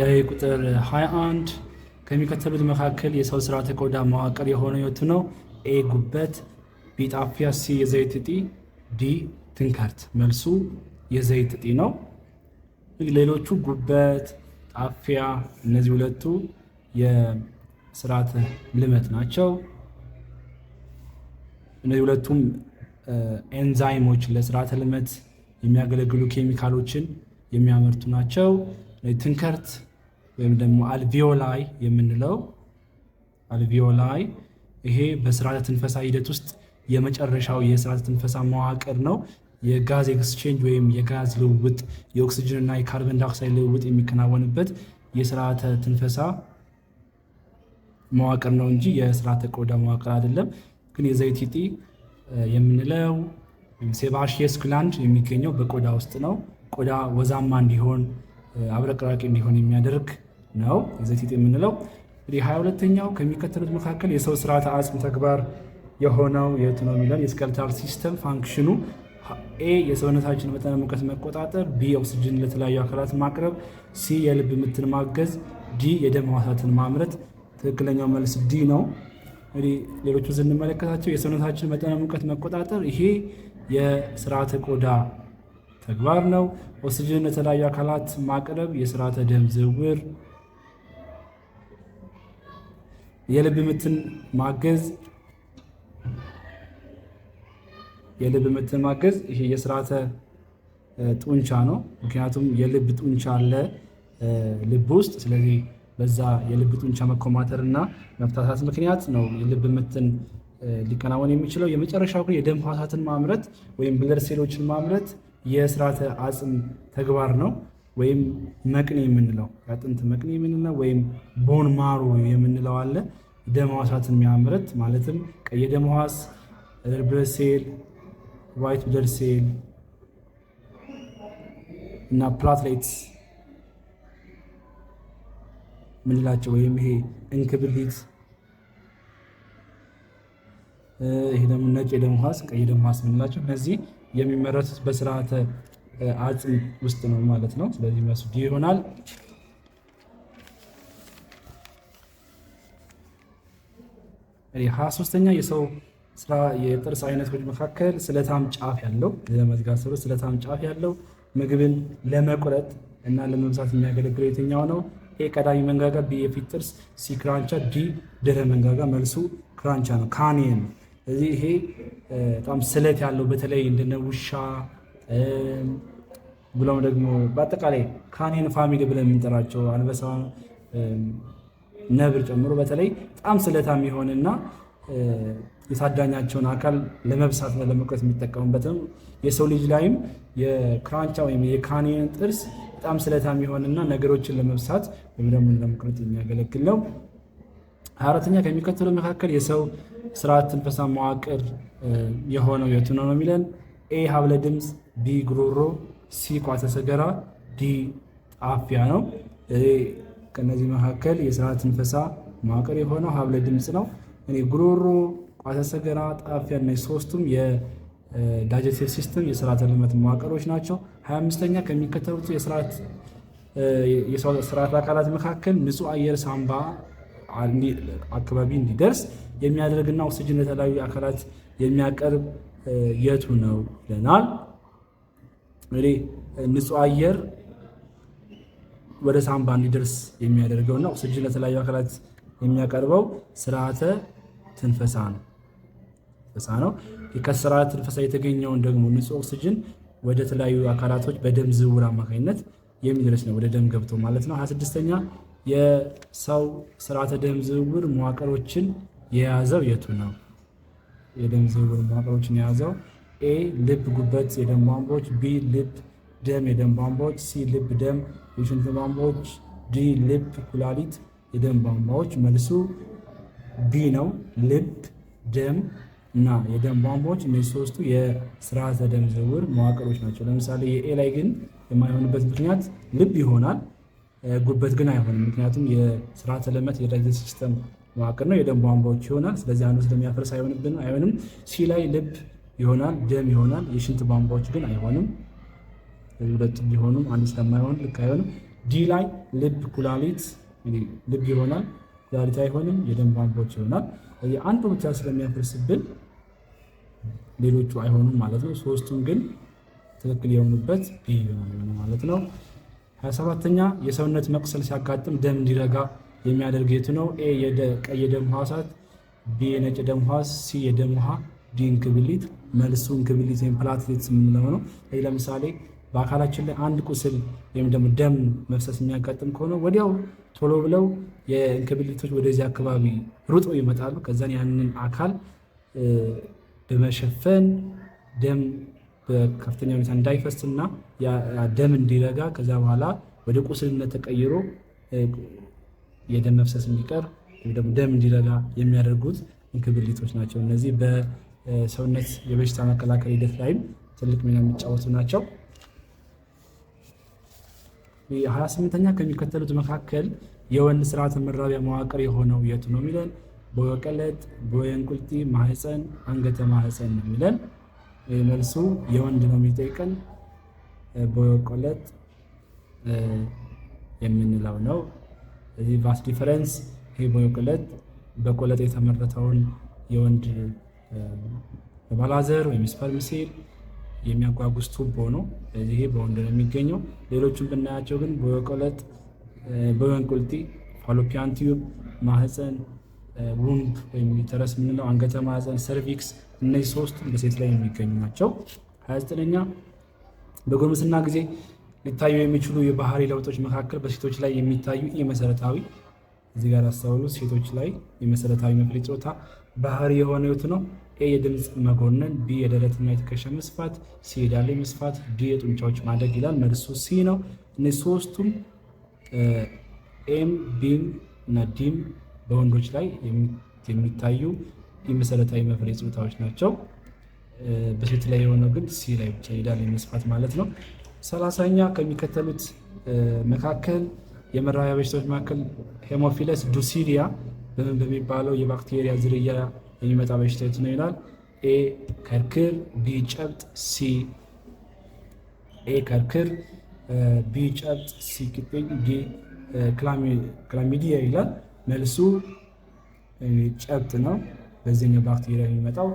ቁጥር 21 ከሚከተሉት መካከል የሰው ስርዓተ ቆዳ መዋቅር የሆነ የቱ ነው? ኤ ጉበት፣ ቢ ጣፊያ፣ ሲ የዘይት እጢ፣ ዲ ትንከርት። መልሱ የዘይት እጢ ነው። ሌሎቹ ጉበት፣ ጣፊያ እነዚህ ሁለቱ የስርዓተ ልመት ናቸው። እነዚህ ሁለቱም ኤንዛይሞች ለስርዓተ ልመት የሚያገለግሉ ኬሚካሎችን የሚያመርቱ ናቸው። ትንከርት ወይም ደግሞ አልቪዮላይ የምንለው አልቪዮላይ ይሄ በስርዓተ ትንፈሳ ሂደት ውስጥ የመጨረሻው የስርዓተ ትንፈሳ መዋቅር ነው። የጋዝ ኤክስቼንጅ ወይም የጋዝ ልውውጥ የኦክሲጅን እና የካርበን ዳክሳይድ ልውውጥ የሚከናወንበት የስርዓተ ትንፈሳ መዋቅር ነው እንጂ የስርዓተ ቆዳ መዋቅር አይደለም። ግን የዘይት የምንለው ሴባሺየስ ግላንድ የሚገኘው በቆዳ ውስጥ ነው። ቆዳ ወዛማ እንዲሆን አብረቅራቂ እንዲሆን የሚያደርግ ነው የዘይት የምንለው። እንግዲህ ሀያ ሁለተኛው ከሚከተሉት መካከል የሰው ስርዓተ አጽም ተግባር የሆነው የት ነው የሚለን የስከልታል ሲስተም ፋንክሽኑ ኤ የሰውነታችን መጠነ ሙቀት መቆጣጠር፣ ቢ ኦክስጅን ለተለያዩ አካላት ማቅረብ፣ ሲ የልብ ምትን ማገዝ፣ ዲ የደም ዋሳትን ማምረት። ትክክለኛው መልስ ዲ ነው። እንግዲህ ሌሎቹ ስንመለከታቸው የሰውነታችን መጠነ ሙቀት መቆጣጠር ይሄ የስርዓተ ቆዳ ተግባር ነው። ኦክስጅን ለተለያዩ አካላት ማቅረብ የስርዓተ ደም ዝውውር፣ የልብ ምትን ማገዝ የልብ ምትን ማገዝ ይሄ የስርዓተ ጡንቻ ነው። ምክንያቱም የልብ ጡንቻ አለ ልብ ውስጥ። ስለዚህ በዛ የልብ ጡንቻ መኮማተር እና መፍታታት ምክንያት ነው የልብ ምትን ሊከናወን የሚችለው። የመጨረሻው ግን የደም ህዋሳትን ማምረት ወይም ብለድ ሴሎችን ማምረት የስርዓተ አጽም ተግባር ነው ወይም መቅኔ የምንለው የአጥንት መቅኔ የምንለው ወይም ቦን ማሮ የምንለው አለ። ደም ሕዋሳትን የሚያመርት ማለትም ቀይ ደም ሕዋስ፣ ሬድ ሴል፣ ዋይት ብለድ ሴል እና ፕላትሌትስ ምንላቸው ወይም ይሄ እንክብሊት ይሄ ደግሞ ነጭ የደም ሕዋስ ቀይ የደም ሕዋስ የምንላቸው እነዚህ የሚመረቱት በስርዓተ አጽም ውስጥ ነው ማለት ነው። ስለዚህ መልሱ ዲ ይሆናል። ሀያ ሶስተኛ የሰው ስራ የጥርስ አይነቶች መካከል ስለታም ጫፍ ያለው ለመዝጋት ስሎ ስለታም ጫፍ ያለው ምግብን ለመቁረጥ እና ለመብሳት የሚያገለግለው የትኛው ነው? ኤ ቀዳሚ መንጋጋ፣ ቢ የፊት ጥርስ፣ ሲ ክራንቻ፣ ዲ ድረ መንጋጋ። መልሱ ክራንቻ ነው። ካኔ ነው። ስለዚህ ይሄ በጣም ስለት ያለው በተለይ እንደነ ውሻ ብሎም ደግሞ በአጠቃላይ ካኔን ፋሚሊ ብለን የምንጠራቸው አንበሳ፣ ነብር ጨምሮ በተለይ በጣም ስለታም የሆነና የታዳኛቸውን አካል ለመብሳትና ለመቁረጥ የሚጠቀሙበትም የሰው ልጅ ላይም የክራንቻ ወይም የካኔን ጥርስ በጣም ስለታም የሆነና ነገሮችን ለመብሳት ወይም ደግሞ ለመቁረጥ የሚያገለግል ነው። አራተኛ ከሚከተለው መካከል የሰው ስርዓት ትንፈሳ መዋቅር የሆነው የቱ ነው ነው የሚለን? ኤ ሀብለ ድምፅ፣ ቢ ጉሮሮ፣ ሲ ቋተ ሰገራ፣ ዲ ጣፊያ ነው። ከነዚህ መካከል የስርዓት ትንፈሳ መዋቅር የሆነው ሀብለ ድምፅ ነው። እኔ ጉሮሮ፣ ቋተ ሰገራ፣ ጣፊያ እና ሶስቱም የዳጀስቲቭ ሲስተም የስርዓተ ልመት መዋቅሮች ናቸው። ሀያ አምስተኛ ከሚከተሉት የስርዓት አካላት መካከል ንጹህ አየር ሳምባ አካባቢ እንዲደርስ የሚያደርግና ኦክሲጅን ለተለያዩ አካላት የሚያቀርብ የቱ ነው ይለናል። እንግዲህ ንጹህ አየር ወደ ሳምባ እንዲደርስ የሚያደርገውና ኦክሲጅን ለተለያዩ አካላት የሚያቀርበው ስርዓተ ትንፈሳ ነው ትንፈሳ ነው። ከስርዓተ ትንፈሳ የተገኘውን ደግሞ ንጹህ ኦክሲጅን ወደ ተለያዩ አካላቶች በደም ዝውውር አማካኝነት የሚደርስ ነው፣ ወደ ደም ገብቶ ማለት ነው። 26ኛ የሰው ስርዓተ ደም ዝውውር መዋቅሮችን የያዘው የቱ ነው? የደም ዝውውር መዋቅሮችን የያዘው ኤ ልብ፣ ጉበት፣ የደም ቧንቧዎች፣ ቢ ልብ፣ ደም፣ የደም ቧንቧዎች፣ ሲ ልብ፣ ደም፣ የሽንት ቧንቧዎች፣ ዲ ልብ፣ ኩላሊት፣ የደም ቧንቧዎች። መልሱ ቢ ነው። ልብ፣ ደም እና የደም ቧንቧዎች እነዚህ ሶስቱ የስርዓተ ደም ዝውውር መዋቅሮች ናቸው። ለምሳሌ የኤ ላይ ግን የማይሆንበት ምክንያት ልብ ይሆናል። ጉበት ግን አይሆንም። ምክንያቱም የስርዓተ ልመት የዳይጀስት ሲስተም መዋቅር ነው፣ የደም ቧንቧዎች ይሆናል። ስለዚህ አንዱ ስለሚያፈርስ አይሆንብን አይሆንም። ሲ ላይ ልብ ይሆናል፣ ደም ይሆናል። የሽንት ቧንቧዎች ግን አይሆንም። ሁለት ቢሆኑም አንዱ ስለማይሆን ልክ አይሆንም። ዲ ላይ ልብ፣ ኩላሊት ልብ ይሆናል፣ ኩላሊት አይሆንም፣ የደም ቧንቧዎች ይሆናል። አንዱ ብቻ ስለሚያፈርስብን ሌሎቹ አይሆኑም ማለት ነው። ሶስቱም ግን ትክክል የሆኑበት ቢ ማለት ነው። 27 የሰውነት መቅሰል ሲያጋጥም ደም እንዲረጋ የሚያደርግ የቱ ነው? ኤ ቀይ የደም ሕዋሳት፣ ቢ የነጭ ደም ሕዋስ፣ ሲ የደም ውሃ፣ ዲ እንክብሊት። መልሱ እንክብሊት ወይም ፕላትሌትስ የምንለው ነው። ይህ ለምሳሌ በአካላችን ላይ አንድ ቁስል ወይም ደግሞ ደም መፍሰስ የሚያጋጥም ከሆነ ወዲያው ቶሎ ብለው የእንክብሊቶች ወደዚህ አካባቢ ሩጦ ይመጣሉ። ከዛን ያንን አካል በመሸፈን ደም በከፍተኛ ሁኔታ እንዳይፈስና ደም እንዲረጋ ከዛ በኋላ ወደ ቁስልነት ተቀይሮ የደም መፍሰስ እንዲቀር ደም እንዲረጋ የሚያደርጉት እንክብሊቶች ናቸው። እነዚህ በሰውነት የበሽታ መከላከል ሂደት ላይም ትልቅ ሚና የሚጫወቱ ናቸው። ሀያ ስምንተኛ ከሚከተሉት መካከል የወንድ ስርዓተ መራቢያ መዋቅር የሆነው የቱ ነው የሚለን? በወቀለጥ፣ በወንቁልቲ ማህፀን፣ አንገተ ማህፀን ነው የሚለን። መልሱ የወንድ ነው የሚጠይቀን በቆለጥ የምንለው ነው። እዚህ ቫስ ዲፈረንስ ይህ በቆለጥ በቆለጥ የተመረተውን የወንድ ባላዘር ወይም ስፐርም ሴል የሚያጓጉዝ ቱቦ ነው። ይሄ በወንድ ነው የሚገኘው። ሌሎቹን ብናያቸው ግን በቆለጥ፣ በወንቁልቲ፣ ፋሎፒያን ቲዩብ፣ ማህፀን ውምብ ወይም ዩተረስ የምንለው አንገተ ማዕዘን፣ ሰርቪክስ እነዚህ ሶስት በሴት ላይ የሚገኙ ናቸው። 29ኛ በጎርምስና ጊዜ ሊታዩ የሚችሉ የባህሪ ለውጦች መካከል በሴቶች ላይ የሚታዩ የመሰረታዊ እዚህ ጋር አስተውሉ። ሴቶች ላይ የመሰረታዊ መፍሪ ፆታ ባህሪ የሆነ ዩት ነው። ኤ የድምፅ መጎነን፣ ቢ የደረትና የትከሻ መስፋት፣ ሲ የዳሌ መስፋት፣ ዲ የጡንቻዎች ማደግ ይላል። መልሱ ሲ ነው። እነዚህ ሶስቱም ኤም ቢም እና ዲም በወንዶች ላይ የሚታዩ የመሰረታዊ መፍሬ ጾታዎች ናቸው። በሴት ላይ የሆነው ግን ሲ ላይ ብቻ ይሄዳል የመስፋት ማለት ነው። ሰላሳኛ ከሚከተሉት መካከል የመራቢያ በሽታዎች መካከል ሄሞፊለስ ዱሲሪያ በምን በሚባለው የባክቴሪያ ዝርያ የሚመጣ በሽታ የቱ ነው ይላል። ኤ ከርክር፣ ቢ ጨብጥ፣ ሲ ኤ ከርክር፣ ቢ ጨብጥ፣ ሲ ቂጥኝ፣ ዲ ክላሚዲያ ይላል። መልሱ ጨብጥ ነው። በዚህኛው ባክቴሪያ የሚመጣው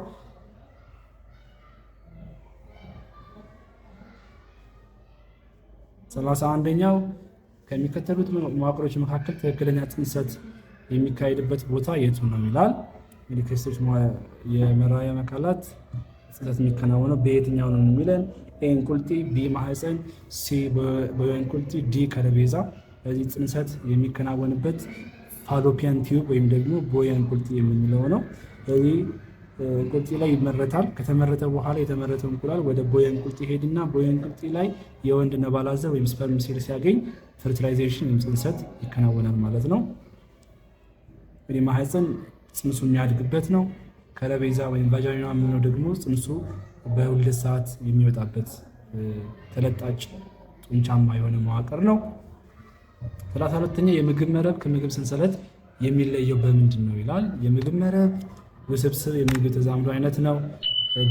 ሰላሳ አንደኛው ከሚከተሉት መዋቅሮች መካከል ትክክለኛ ጥንሰት የሚካሄድበት ቦታ የቱ ነው ይላል። እንግዲህ ከሴቶች የመራቢያ አካላት ጽንሰት የሚከናወነው በየትኛው ነው የሚለን፣ ኤ ቢ ማህፀን፣ ሲ በእንቁልጢ፣ ዲ ከረቤዛ። በዚህ ጥንሰት የሚከናወንበት ፋሎፒያን ቲዩብ ወይም ደግሞ ቦያን ቁልጥ የምንለው ነው። እዚህ ቁልጢ ላይ ይመረታል። ከተመረተ በኋላ የተመረተ እንቁላል ወደ ቦየን ቁልጥ ሄድና ቦየን ቁልጢ ላይ የወንድ ነባላዘር ወይም ስፐርም ሴል ሲያገኝ ፈርቲላይዜሽን ወይም ጽንሰት ይከናወናል ማለት ነው። እንግዲህ ማህፀን ጽንሱ የሚያድግበት ነው። ከረቤዛ ወይም ቫጃኒና የምንለው ደግሞ ጽንሱ በሁለት ሰዓት የሚወጣበት ተለጣጭ ጡንቻማ የሆነ መዋቅር ነው። ሰላሳ ሁለተኛ የምግብ መረብ ከምግብ ሰንሰለት የሚለየው በምንድን ነው ይላል። የምግብ መረብ ውስብስብ የምግብ ተዛምዶ አይነት ነው።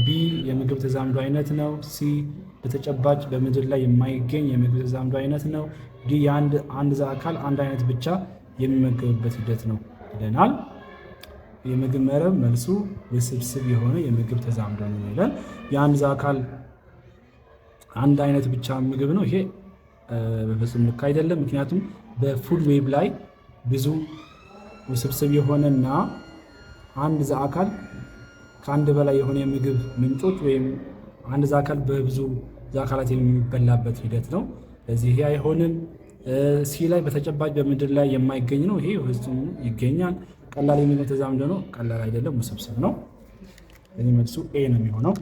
ቢ የምግብ ተዛምዶ አይነት ነው። ሲ በተጨባጭ በምድር ላይ የማይገኝ የምግብ ተዛምዶ አይነት ነው። ዲ የአንድ አንድ ዘ አካል አንድ አይነት ብቻ የሚመገብበት ሂደት ነው ይለናል። የምግብ መረብ መልሱ ውስብስብ የሆነ የምግብ ተዛምዶ ነው ይላል። የአንድ ዘ አካል አንድ አይነት ብቻ ምግብ ነው ይሄ በፍጹም ልክ አይደለም። ምክንያቱም በፉል ዌብ ላይ ብዙ ውስብስብ የሆነና አንድ ዛ አካል ከአንድ በላይ የሆነ የምግብ ምንጮች ወይም አንድ ዛ አካል በብዙ ዛ አካላት የሚበላበት ሂደት ነው። ለዚህ ይሄ አይሆንም። ሲ ላይ በተጨባጭ በምድር ላይ የማይገኝ ነው። ይሄ ውስጡም ይገኛል። ቀላል የሚለው ተዛምዶ ነው። ቀላል አይደለም፣ ውስብስብ ነው። ለዚህ መልሱ ኤ ነው የሚሆነው።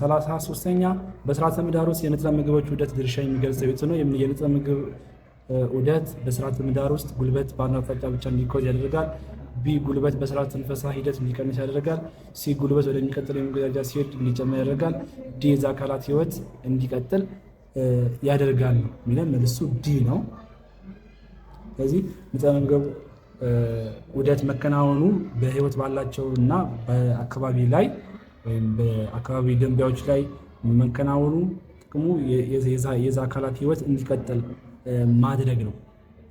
ሰላሳ ሶስተኛ በስርዓተ ምህዳር ውስጥ የንጥረ ምግቦች ውህደት ድርሻ የሚገልጽ ቤት ነው? የንጥረ ምግብ ውህደት በስርዓተ ምህዳር ውስጥ ጉልበት በአንድ አቅጣጫ ብቻ እንዲጓዝ ያደርጋል። ቢ ጉልበት በስርዓተ ትንፈሳ ሂደት እንዲቀንስ ያደርጋል። ሲ ጉልበት ወደሚቀጥለው የምግብ ደረጃ ሲሄድ እንዲጨምር ያደርጋል። ዲ የዛ አካላት ህይወት እንዲቀጥል ያደርጋል ነው የሚለን መልሱ ዲ ነው። ስለዚህ ንጥረ ምግብ ውህደት መከናወኑ በህይወት ባላቸው እና በአካባቢ ላይ ወይም በአካባቢ ደንቢያዎች ላይ መከናወኑ ጥቅሙ የዛ አካላት ህይወት እንዲቀጥል ማድረግ ነው።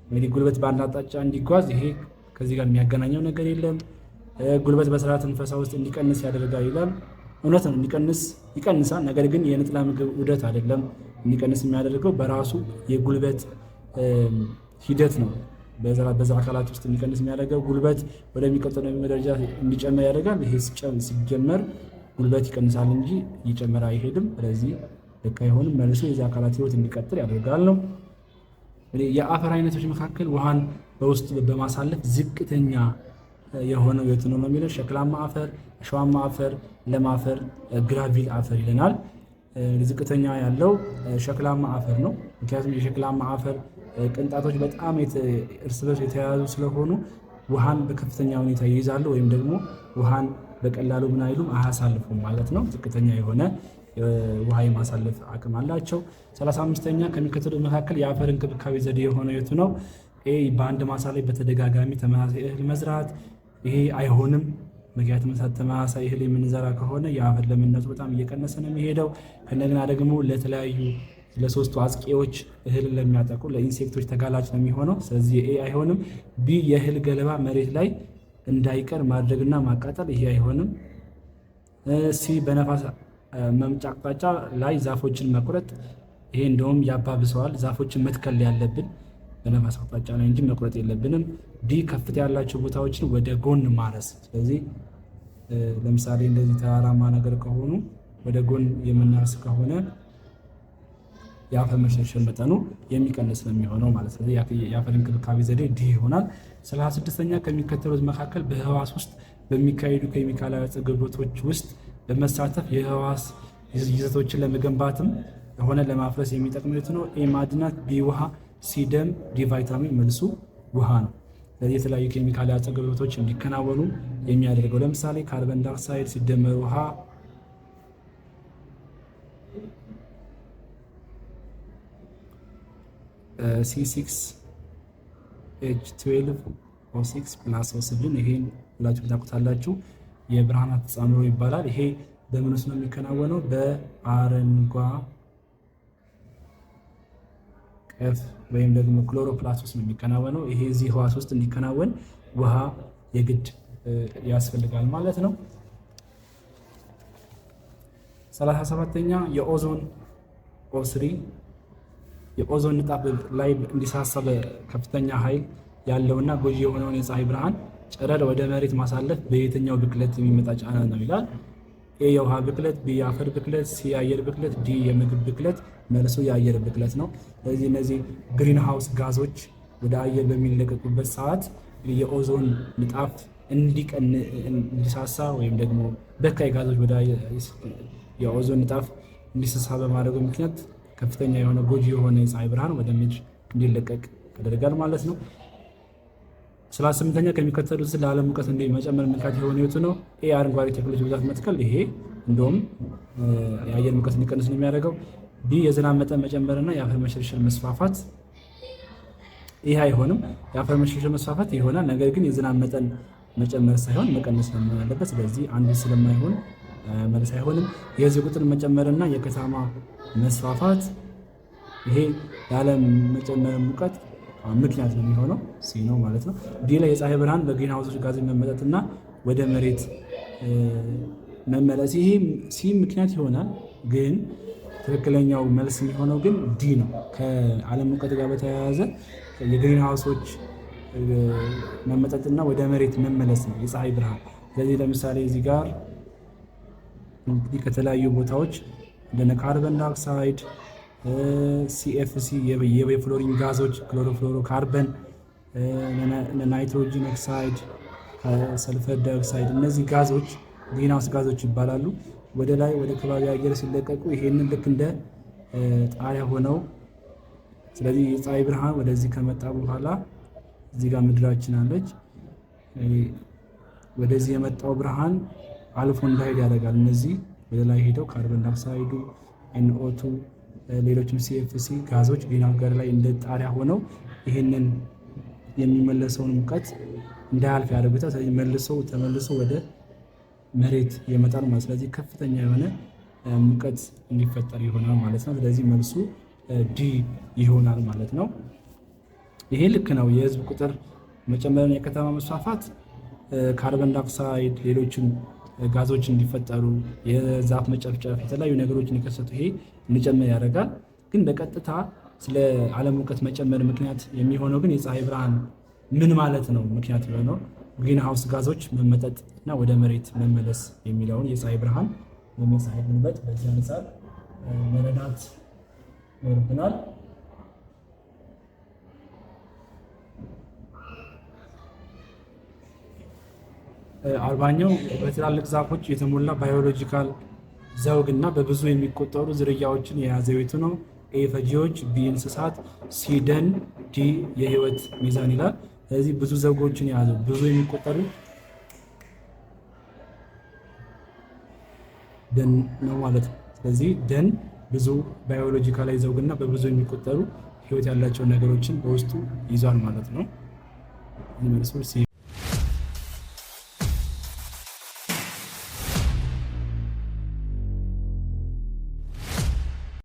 እንግዲህ ጉልበት በአንድ አቅጣጫ እንዲጓዝ ይሄ ከዚህ ጋር የሚያገናኘው ነገር የለም። ጉልበት በስርዓተ ትንፈሳ ውስጥ እንዲቀንስ ያደርጋል ይላል። እውነት ነው፣ እንዲቀንስ ይቀንሳል። ነገር ግን የንጥላ ምግብ ዑደት አይደለም እንዲቀንስ የሚያደርገው በራሱ የጉልበት ሂደት ነው። በዛ አካላት ውስጥ እንዲቀንስ የሚያደርገው ጉልበት ወደሚቀጥለው ደረጃ እንዲጨመር ያደርጋል። ይሄ ሲጨምር ጉልበት ይቀንሳል እንጂ እየጨመረ አይሄድም። ስለዚህ ልክ አይሆንም። መልሶ የዚህ አካላት ህይወት እንዲቀጥል ያደርጋል ነው። የአፈር አይነቶች መካከል ውሃን በውስጡ በማሳለፍ ዝቅተኛ የሆነው የቱ ነው ነው የሚለው ሸክላማ አፈር፣ አሸዋማ አፈር፣ ለም አፈር፣ ግራቪል አፈር ይለናል። ዝቅተኛ ያለው ሸክላማ አፈር ነው። ምክንያቱም የሸክላማ አፈር ቅንጣቶች በጣም እርስ በርስ የተያያዙ ስለሆኑ ውሃን በከፍተኛ ሁኔታ ይይዛሉ ወይም ደግሞ ውሃን በቀላሉ ምን አይሉም አያሳልፉም ማለት ነው። ዝቅተኛ የሆነ ውሃ የማሳለፍ አቅም አላቸው። 35 አምስተኛ ከሚከተሉት መካከል የአፈር እንክብካቤ ዘዴ የሆነ የቱ ነው? ኤ በአንድ ማሳ ላይ በተደጋጋሚ ተመሳሳይ እህል መዝራት። ይሄ አይሆንም። ምክንያቱም ተመሳሳይ እህል የምንዘራ ከሆነ የአፈር ለምነቱ በጣም እየቀነሰ ነው የሚሄደው። ከእንደገና ደግሞ ለተለያዩ ለሶስቱ አጥቂዎች እህልን ለሚያጠቁ ለኢንሴክቶች ተጋላጭ ነው የሚሆነው። ስለዚህ ኤ አይሆንም። ቢ የእህል ገለባ መሬት ላይ እንዳይቀር ማድረግና ማቃጠል ይሄ አይሆንም። ሲ በነፋስ መምጫ አቅጣጫ ላይ ዛፎችን መቁረጥ፣ ይሄ እንደውም ያባብሰዋል። ዛፎችን መትከል ያለብን በነፋስ አቅጣጫ ላይ እንጂ መቁረጥ የለብንም። ዲ ከፍታ ያላቸው ቦታዎችን ወደ ጎን ማረስ። ስለዚህ ለምሳሌ እንደዚህ ተራራማ ነገር ከሆኑ ወደ ጎን የምናርስ ከሆነ የአፈር መሸርሸር መጠኑ የሚቀንስ ነው የሚሆነው ማለት ነው። የአፈር እንክብካቤ ዘዴ እንዲህ ይሆናል። ሰላሳ ስድስተኛ ከሚከተሉት መካከል በህዋስ ውስጥ በሚካሄዱ ኬሚካላዊ አጽግቦቶች ውስጥ በመሳተፍ የህዋስ ይዘቶችን ለመገንባትም ሆነ ለማፍረስ የሚጠቅሙት ነው። ኤ ማዕድናት፣ ቢ ውሃ፣ ሲ ደም፣ ዲ ቫይታሚን። መልሱ ውሃ ነው። የተለያዩ ኬሚካላዊ አጽግቦቶች እንዲከናወኑ የሚያደርገው ለምሳሌ ካርበን ዳይኦክሳይድ ሲደመር ውሃ ሲክስ ኤች ትዌልቭ ኦ ሲክስ ፕላስ ኦ ሰቨን ይሄን ሁላችሁም ታውቁታላችሁ። የብርሃናት ተጻምሮ ይባላል። ይሄ በምን ውስጥ ነው የሚከናወነው? በአረንጓዴ ቀፍ ወይም ደግሞ ክሎሮፕላስት ውስጥ ነው የሚከናወነው። ይሄ እዚህ ህዋስ ውስጥ እንዲከናወን ውሃ የግድ ያስፈልጋል ማለት ነው። ሰላሳ ሰባተኛ የኦዞን ኦስሪ የኦዞን ንጣፍ ላይ እንዲሳሰበ ከፍተኛ ኃይል ያለውና ጎጂ የሆነውን የፀሐይ ብርሃን ጨረር ወደ መሬት ማሳለፍ በየትኛው ብክለት የሚመጣ ጫና ነው ይላል። ኤ የውሃ ብክለት፣ ቢ የአፈር ብክለት፣ ሲ የአየር ብክለት፣ ዲ የምግብ ብክለት። መልሱ የአየር ብክለት ነው። ስለዚህ እነዚህ ግሪን ሃውስ ጋዞች ወደ አየር በሚለቀቁበት ሰዓት የኦዞን ንጣፍ እንዲሳሳ ወይም ደግሞ በካይ ጋዞች ወደ የኦዞን ንጣፍ እንዲሳሳ በማድረጉ ምክንያት ከፍተኛ የሆነ ጎጂ የሆነ የፀሐይ ብርሃን ወደ ምድር እንዲለቀቅ ያደርጋል ማለት ነው። ስለ ስምንተኛ ከሚከተሉት ለዓለም ሙቀት እንደ መጨመር ምክንያት የሆነ የቱ ነው? ኤ አረንጓዴ ተክሎች ብዛት መትከል። ይሄ እንደውም የአየር ሙቀት እንዲቀንስ ነው የሚያደርገው። ቢ የዝናብ መጠን መጨመርና የአፈር መሸርሸር መስፋፋት። ይህ አይሆንም። የአፈር መሸርሸር መስፋፋት ይሆናል፣ ነገር ግን የዝናብ መጠን መጨመር ሳይሆን መቀነስ ነው ያለበት። ስለዚህ አንዱ ስለማይሆን መልስ አይሆንም። የህዝብ ቁጥር መጨመርና የከተማ መስፋፋት ይሄ የዓለም መጨመር ሙቀት ምክንያት ነው የሚሆነው ሲ ነው ማለት ነው። ዲ ላይ የፀሐይ ብርሃን በግሪን ሃውሶች ጋዝ መመጠጥና ወደ መሬት መመለስ ይሄ ሲ ምክንያት ይሆናል ግን ትክክለኛው መልስ የሚሆነው ግን ዲ ነው። ከዓለም ሙቀት ጋር በተያያዘ የግሪን ሃውሶች መመጠጥና ወደ መሬት መመለስ ነው የፀሐይ ብርሃን። ስለዚህ ለምሳሌ እዚህ ጋር እንግዲህ ከተለያዩ ቦታዎች እንደነ ካርበን ዳይኦክሳይድ፣ ሲኤፍሲ፣ የፍሎሪን ጋዞች ክሎሮፍሎሮ ካርበን፣ ናይትሮጂን ኦክሳይድ፣ ሰልፈር ዳይኦክሳይድ እነዚህ ጋዞች ግሪንሃውስ ጋዞች ይባላሉ። ወደ ላይ ወደ ከባቢ አየር ሲለቀቁ ይሄንን ልክ እንደ ጣሪያ ሆነው ስለዚህ የፀሐይ ብርሃን ወደዚህ ከመጣ በኋላ እዚህ ጋር ምድራችን አለች። ወደዚህ የመጣው ብርሃን አልፎ እንዳይሄድ ያደርጋል። እነዚህ ወደ ላይ ሄደው ካርበን ዳይኦክሳይዱ ኤንኦቱ፣ ሌሎችም ሲኤፍሲ ጋዞች ሌላው ጋር ላይ እንደ ጣሪያ ሆነው ይህንን የሚመለሰውን ሙቀት እንዳያልፍ ያደርጉታል። ስለዚህ መልሶ ተመልሶ ወደ መሬት የመጣል ማለት ስለዚህ ከፍተኛ የሆነ ሙቀት እንዲፈጠር ይሆናል ማለት ነው። ስለዚህ መልሱ ዲ ይሆናል ማለት ነው። ይሄ ልክ ነው። የህዝብ ቁጥር መጨመርን የከተማ መስፋፋት ካርበን ዳይኦክሳይድ ሌሎችም ጋዞች እንዲፈጠሩ፣ የዛፍ መጨፍጨፍ፣ የተለያዩ ነገሮች እንዲከሰቱ ይሄ እንዲጨምር ያደርጋል። ግን በቀጥታ ስለ ዓለም ሙቀት መጨመር ምክንያት የሚሆነው ግን የፀሐይ ብርሃን ምን ማለት ነው ምክንያት የሆነው ግሪን ሃውስ ጋዞች መመጠጥ እና ወደ መሬት መመለስ የሚለውን የፀሐይ ብርሃን የፀሐይ ጉልበት በዚህ አንጻር መረዳት ይኖርብናል። አርባኛው በትላልቅ ዛፎች የተሞላ ባዮሎጂካል ዘውግ እና በብዙ የሚቆጠሩ ዝርያዎችን የያዘ ቤቱ ነው። ኤ ፈጂዎች፣ ቢ እንስሳት፣ ሲ ደን፣ ዲ የህይወት ሚዛን ይላል። ስለዚህ ብዙ ዘውጎችን የያዘ ብዙ የሚቆጠሩ ደን ነው ማለት ነው። ስለዚህ ደን ብዙ ባዮሎጂካላዊ ዘውግ እና በብዙ የሚቆጠሩ ህይወት ያላቸው ነገሮችን በውስጡ ይዟል ማለት ነው።